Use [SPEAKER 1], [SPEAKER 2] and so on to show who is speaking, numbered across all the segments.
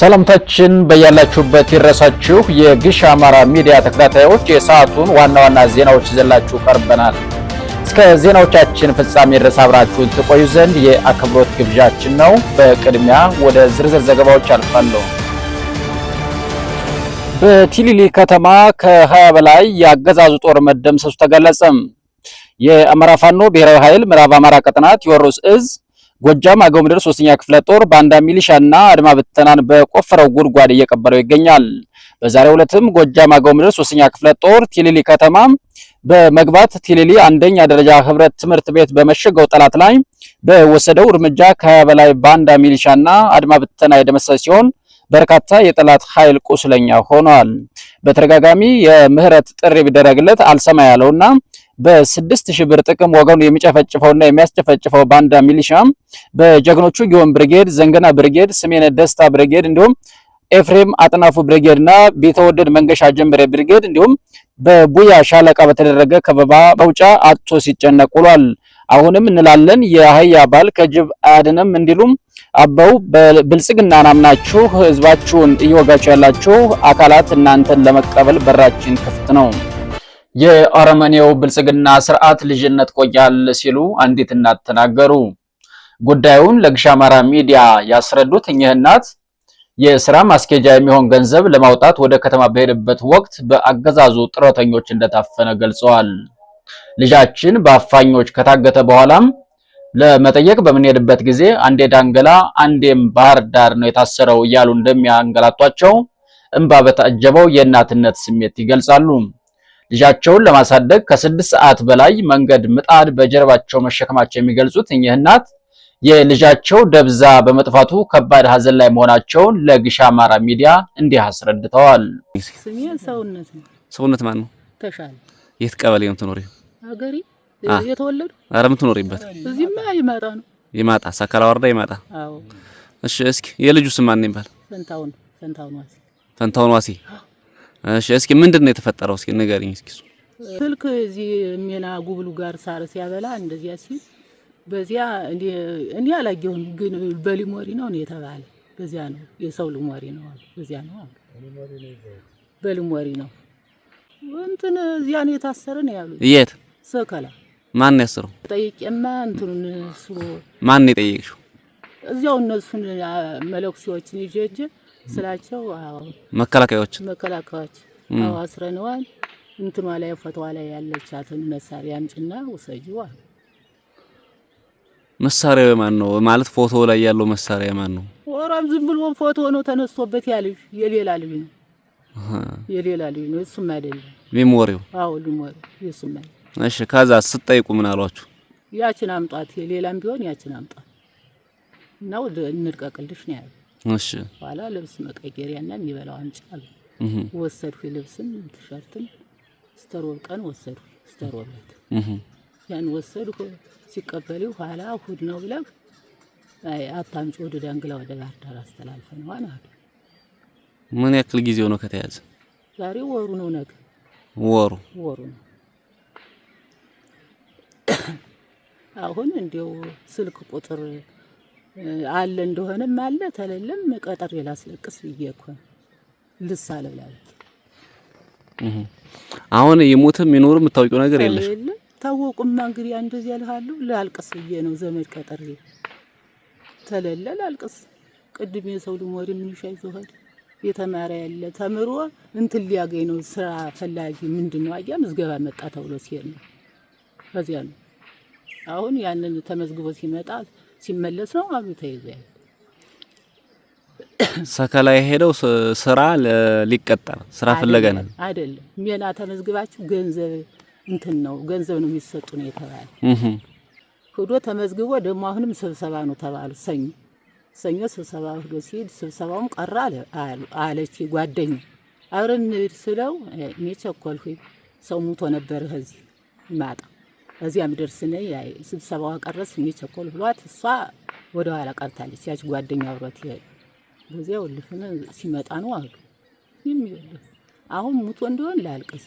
[SPEAKER 1] ሰላምታችን በያላችሁበት ይድረሳችሁ። የግሽ አማራ ሚዲያ ተከታታዮች የሰዓቱን ዋና ዋና ዜናዎች ይዘላችሁ ቀርበናል። እስከ ዜናዎቻችን ፍጻሜ ድረስ አብራችሁን ትቆዩ ዘንድ የአክብሮት ግብዣችን ነው። በቅድሚያ ወደ ዝርዝር ዘገባዎች አልፋለሁ። በቲሊሊ ከተማ ከ20 በላይ የአገዛዙ ጦር መደምሰሱ ተገለጸም። የአማራ ፋኖ ብሔራዊ ኃይል ምዕራብ አማራ ቀጠናት ቴዎድሮስ እዝ ጎጃም አገው ምድር ሶስተኛ ክፍለ ጦር ባንዳ ሚሊሻና አድማ ብተናን በቆፈረው ጉድጓድ እየቀበረው ይገኛል። በዛሬው ዕለትም ጎጃም አገው ምድር ሶስተኛ ክፍለ ጦር ቲሊሊ ከተማ በመግባት ቲሊሊ አንደኛ ደረጃ ህብረት ትምህርት ቤት በመሸገው ጠላት ላይ በወሰደው እርምጃ ከሀያ በላይ ባንዳ ሚሊሻና አድማ ብተና የደመሰሰ ሲሆን በርካታ የጠላት ኃይል ቁስለኛ ሆኗል። በተደጋጋሚ የምህረት ጥሪ ቢደረግለት አልሰማ ያለውና በስድስት ሺህ ብር ጥቅም ወገኑ የሚጨፈጭፈውና የሚያስጨፈጭፈው ባንዳ ሚሊሻም በጀግኖቹ ጊዮን ብርጌድ፣ ዘንገና ብርጌድ፣ ስሜነ ደስታ ብርጌድ እንዲሁም ኤፍሬም አጥናፉ ብርጌድ እና ቤተወደድ መንገሻ ጀምበሬ ብርጌድ እንዲሁም በቡያ ሻለቃ በተደረገ ከበባ መውጫ አጥቶ ሲጨነቅ ውሏል። አሁንም እንላለን የአህያ ባል ከጅብ አያድንም እንዲሉም አበው ብልጽግና ናምናችሁ ህዝባችሁን እየወጋችሁ ያላችሁ አካላት እናንተን ለመቀበል በራችን ክፍት ነው። የአረመኔው ብልጽግና ስርዓት ልጅነት ቆያል ሲሉ አንዲት እናት ተናገሩ። ጉዳዩን ለግሻ አማራ ሚዲያ ያስረዱት እኚህ እናት የስራ ማስኬጃ የሚሆን ገንዘብ ለማውጣት ወደ ከተማ በሄደበት ወቅት በአገዛዙ ጥረተኞች እንደታፈነ ገልጸዋል። ልጃችን በአፋኞች ከታገተ በኋላም ለመጠየቅ በምንሄድበት ጊዜ አንዴ ዳንገላ አንዴም ባህር ዳር ነው የታሰረው እያሉ እንደሚያንገላቷቸው እንባ በታጀበው የእናትነት ስሜት ይገልጻሉ። ልጃቸውን ለማሳደግ ከስድስት ሰዓት በላይ መንገድ ምጣድ በጀርባቸው መሸከማቸው የሚገልጹት እኚህ እናት የልጃቸው ደብዛ በመጥፋቱ ከባድ ሀዘን ላይ መሆናቸውን ለግሻ አማራ ሚዲያ እንዲህ አስረድተዋል።
[SPEAKER 2] ሰውነት ነው። ሰውነት ማን ነው? ተሻለ።
[SPEAKER 1] የት ቀበሌ ነው የምትኖሪው?
[SPEAKER 2] አገሪ የተወለዱ
[SPEAKER 1] አረ የምትኖሪበት?
[SPEAKER 2] እዚህማ ይማጣ ነው።
[SPEAKER 1] ይማጣ ሰከላ ወረዳ ይማጣ። እሺ፣ እስኪ የልጁ ስም ማን ይባል?
[SPEAKER 2] ፈንታውን ፈንታውን ዋሴ።
[SPEAKER 1] ፈንታውን ዋሴ እሺ፣ እስኪ ምንድን ነው የተፈጠረው? እስኪ ንገሪኝ። እስኪ
[SPEAKER 2] ስልክ እዚህ ሜና ጉብሉ ጋር ሳር ሲያበላ እንደዚያ ሲል በዚያ እኔ አላየሁም፣ ግን በሊሞሪ ነው ነው የተባለ። በዚያ ነው የሰው ሊሞሪ ነው አሉ። በዚያ ነው አሉ። በሊሞሪ ነው እንትን እዚያ ነው የታሰረ ነው ያሉት። የት ሰከላ? ማን ነው ያሰረው? ጠይቄማ እንትኑን እሱ
[SPEAKER 1] ማን ነው የጠየቅሽው?
[SPEAKER 2] እዚያው እነሱን መለኩሴዎችን ይዤ ሂጅ ስላቸው መከላከያዎች መከላከያዎች አዎ አስረነዋል። እንትኗ ላይ ፎቶዋ ላይ ያለቻትን መሳሪያ አምጪና ውሰጂ አሉ።
[SPEAKER 1] መሳሪያው የማን ነው ማለት ፎቶ ላይ ያለው መሳሪያ የማን ነው?
[SPEAKER 2] ወራም ዝም ብሎ ፎቶ ነው ተነስቶበት ያለው የሌላ ልጅ ነው የሌላ ልጅ ነው። እሱም አይደለም ሊሞሪው። አዎ ሊሞሪው እሱም
[SPEAKER 1] አይደለም። እሺ ከዛ ስጠይቁ ምን አሏችሁ?
[SPEAKER 2] ያችን አምጧት፣ የሌላም ቢሆን ያችን አምጧት እና እንልቀቅልሽ ነው ያለው እሺ ኋላ ልብስ መቀየሪያና የሚበላው አንጫል ወሰድኩ። ልብስም ቲሸርትም ስተሮብ ቀን ወሰድኩ። ስተሮብ ዕለት ያን ወሰድኩ። ሲቀበሉ ኋላ እሑድ ነው ብለው አይ አታምጪ፣ ወደ ዳንግላ ወደ ባህር ዳር አስተላልፈነዋል አሉ።
[SPEAKER 1] ምን ያክል ጊዜው ነው ከተያዘ?
[SPEAKER 2] ዛሬ ወሩ ነው ነገ ወሩ ወሩ ነው። አሁን እንዲያው ስልክ ቁጥር አለ እንደሆነም አለ ተለለም ቀጠሮ ላስለቅስ ብዬ እኮ ልሳለ ብላለች።
[SPEAKER 1] አሁን የሞተም የኖርም የምታውቂው ነገር የለሽ?
[SPEAKER 2] ታወቁማ እንግዲህ እንደዚህ ያልሃሉ ላልቅስ ብዬ ነው ዘመድ ቀጠሬ ተለለ ላልቅስ። ቅድም የሰው ልሞሪ ምን ይሻይ ዘሆድ የተማረ ያለ ተምሮ እንትን ሊያገኝ ነው ስራ ፈላጊ ምንድን ነው አያ ምዝገባ መጣ ተብሎ ሲሄድ ነው። በዚያ ነው አሁን ያንን ተመዝግቦ ሲመጣ ሲመለስ ነው አብዮት ተይዞ ያለ
[SPEAKER 1] ሰከላ የሄደው ስራ ሊቀጣ ስራ ፍለጋ ነው
[SPEAKER 2] አይደለም። ሜላ ተመዝግባችሁ ገንዘብ እንትን ነው ገንዘብ ነው የሚሰጡ ነው የተባለ ሂዶ ተመዝግቦ ደግሞ አሁንም ስብሰባ ነው ተባሉ። ሰኞ ሰኞ ስብሰባ ሂዶ ሲሄድ ስብሰባውም ቀረ አለች ጓደኛ አብረን እንሂድ ስለው እኔ ቸኮልኩኝ። ሰው ሙቶ ነበር ከዚህ ማጣ እዚያ ምደርስነ ስብሰባዋ ቀረስ የሚቸኮል ብሏት እሷ ወደ ኋላ ቀርታለች። ያች ጓደኛ አብሯት ይሄ በዚያ ወልፍነ ሲመጣ ነው አሉ የሚወልፍ አሁን ሙቶ እንደሆን ላልቅስ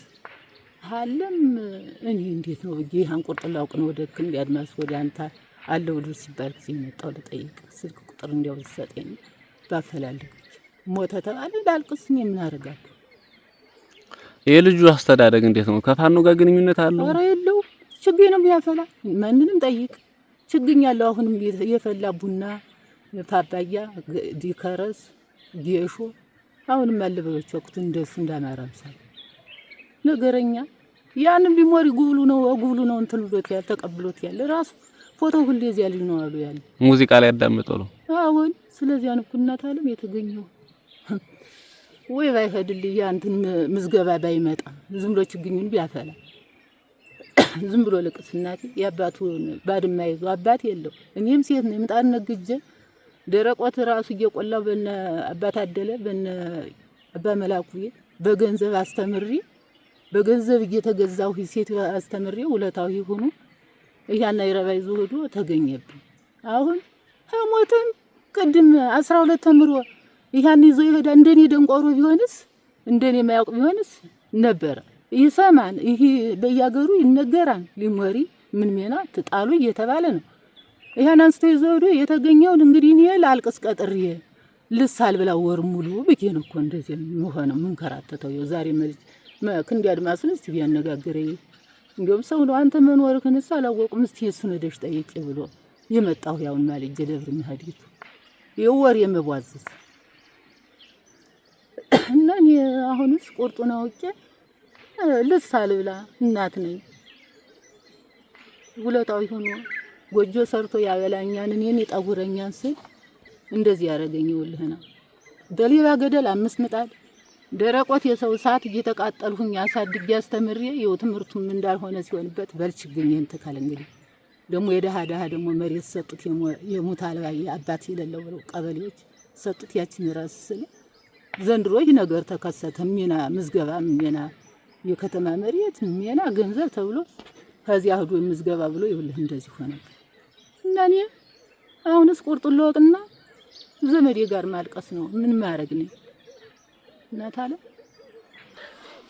[SPEAKER 2] አለም እኔ እንዴት ነው ብዬ አንቁርጥ ላውቅ ነው ወደ ክንድ ያድማስ ወደ አንተ አለው ድር ሲባል ጊዜ መጣው ለጠይቅ ስልክ ቁጥር እንዲያው ሰጠኝ ባፈላልኩት ሞተ ተባለ ላልቅስ እኔ ምን አደርጋለሁ።
[SPEAKER 1] የልጁ አስተዳደግ እንዴት ነው? ከፋኖ ጋር ግንኙነት አለው?
[SPEAKER 2] ነው የሚያፈላ። ማንንም ጠይቅ። ችግኝ ያለው አሁንም የፈላ ቡና፣ ፓፓያ፣ ዲከረስ፣ ጌሾ አሁንም አለበሎች ወቅቱ እንደሱ እንዳማራምሳል ነገረኛ ያንም ቢሞሪ ጉብሉ ነው ጉብሉ ነው እንትን ብሎት ያለ ተቀብሎት ያለ ራሱ ፎቶ ሁሌ እዚያ ልጅ ነው አሉ ያለ
[SPEAKER 1] ሙዚቃ ላይ ያዳምጠው ነው
[SPEAKER 2] አሁን። ስለዚያ ነው እናት አለም የተገኘው ወይ ባይሄድልህ ያ እንትን ምዝገባ ባይመጣ ዝም ብሎ ችግኙን ቢያፈላ ዝም ብሎ ልቅስ እናቴ የአባቱ ባድማ ይዞ አባት የለው። እኔም ሴት ነው የምጣድ ነግጄ ደረቆት ራሱ እየቆላው በነ አባት አደለ በነ አባ መላኩ በገንዘብ አስተምሪ በገንዘብ እየተገዛሁ ሴት አስተምሬ ውለታዊ ሆኑ እያና ይረባ ይዞ ሄዶ ተገኘብኝ። አሁን ሞትን ቅድም አስራ ሁለት ተምሮ ይህን ይዞ ይሄዳ እንደኔ ደንቆሮ ቢሆንስ እንደኔ የማያውቅ ቢሆንስ ነበረ ይሰማን። ይሄ በያገሩ ይነገራል። ሊሞሪ ምን ሜና ትጣሉ እየተባለ ነው። ይሄን አንስቶ ይዘውዶ የተገኘውን እንግዲህ እኔ ላልቅስ ቀጥሬ ልሳል ብላ ወር ሙሉ ብዬ ነው እኮ እንደዚህ መሆነው የምንከራተተው። ያው ዛሬ ክንድ አድማሱን እስቲ ቢያነጋግረኝ እንዲሁም ሰው ነው አንተ መኖርህንስ አላወቁም። እስቲ የእሱን ደሽ ጠይቄ ብሎ የመጣሁ ያውን ማልጄ ደብር መሄዴቱ ይኸው ወር የመቧዝዝ እና እኔ አሁንስ ቁርጡን አውቄ ልሳል ብላ እናት ነኝ። ውለታዊ ሆኖ ጎጆ ሰርቶ ያበላኛን እኔን የጠጉረኛን ስል እንደዚህ ያደረገኝ ይውልህና በሌባ ገደል አምስት ምጣድ ደረቆት የሰው እሳት እየተቃጠልሁኝ አሳድጌ አስተምሬ ይኸው ትምህርቱም እንዳልሆነ ሲሆንበት በል ችግኝህን እንግዲህ ደግሞ የደሃ ደሃ ደግሞ መሬት ሰጡት የሙት አልባ አባት የሌለው ብለው ቀበሌዎች ሰጡት ያችን ራስ ስል ዘንድሮ ይህ ነገር ተከሰተ ሚና ምዝገባ ሚና የከተማ መሬት ሜና ገንዘብ ተብሎ ከዚህ አህዱ የምዝገባ ብሎ ይኸውልህ እንደዚህ ሆነ እና እኔ አሁንስ ቁርጡን ለወጥና ዘመዴ ጋር ማልቀስ ነው። ምን ማድረግ ነው? እናት አለ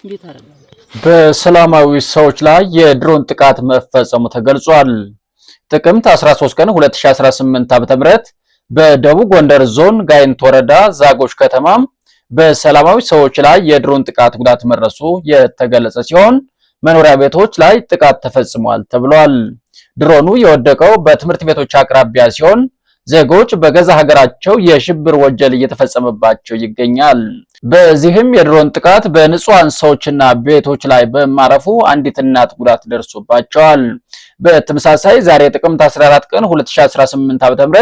[SPEAKER 2] እንዴት አደረጋለሁ።
[SPEAKER 1] በሰላማዊ ሰዎች ላይ የድሮን ጥቃት መፈጸሙ ተገልጿል። ጥቅምት 13 ቀን 2018 ዓ.ም በደቡብ ጎንደር ዞን ጋይንት ወረዳ ዛጎች ከተማም በሰላማዊ ሰዎች ላይ የድሮን ጥቃት ጉዳት መድረሱ የተገለጸ ሲሆን መኖሪያ ቤቶች ላይ ጥቃት ተፈጽሟል ተብሏል። ድሮኑ የወደቀው በትምህርት ቤቶች አቅራቢያ ሲሆን ዜጎች በገዛ ሀገራቸው የሽብር ወንጀል እየተፈጸመባቸው ይገኛል። በዚህም የድሮን ጥቃት በንጹሃን ሰዎችና ቤቶች ላይ በማረፉ አንዲት እናት ጉዳት ደርሶባቸዋል። በተመሳሳይ ዛሬ ጥቅምት 14 ቀን 2018 ዓ.ም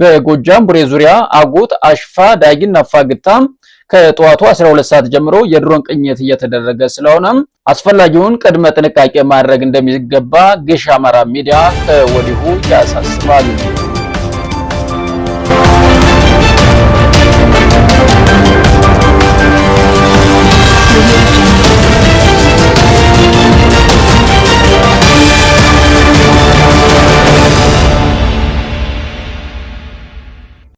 [SPEAKER 1] በጎጃም ቡሬ ዙሪያ አጉት አሽፋ ዳጊና ፋግታም ከጠዋቱ 12 ሰዓት ጀምሮ የድሮን ቅኝት እየተደረገ ስለሆነም አስፈላጊውን ቅድመ ጥንቃቄ ማድረግ እንደሚገባ ግሽ አማራ ሚዲያ ከወዲሁ ያሳስባል።